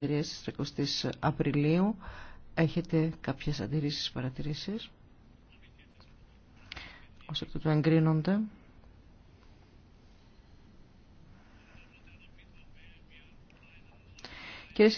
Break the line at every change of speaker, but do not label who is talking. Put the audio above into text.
συνεδρίαση της 30 Απριλίου. Έχετε κάποιες αντιρρήσεις, παρατηρήσεις. Ως εκ τούτου εγκρίνονται.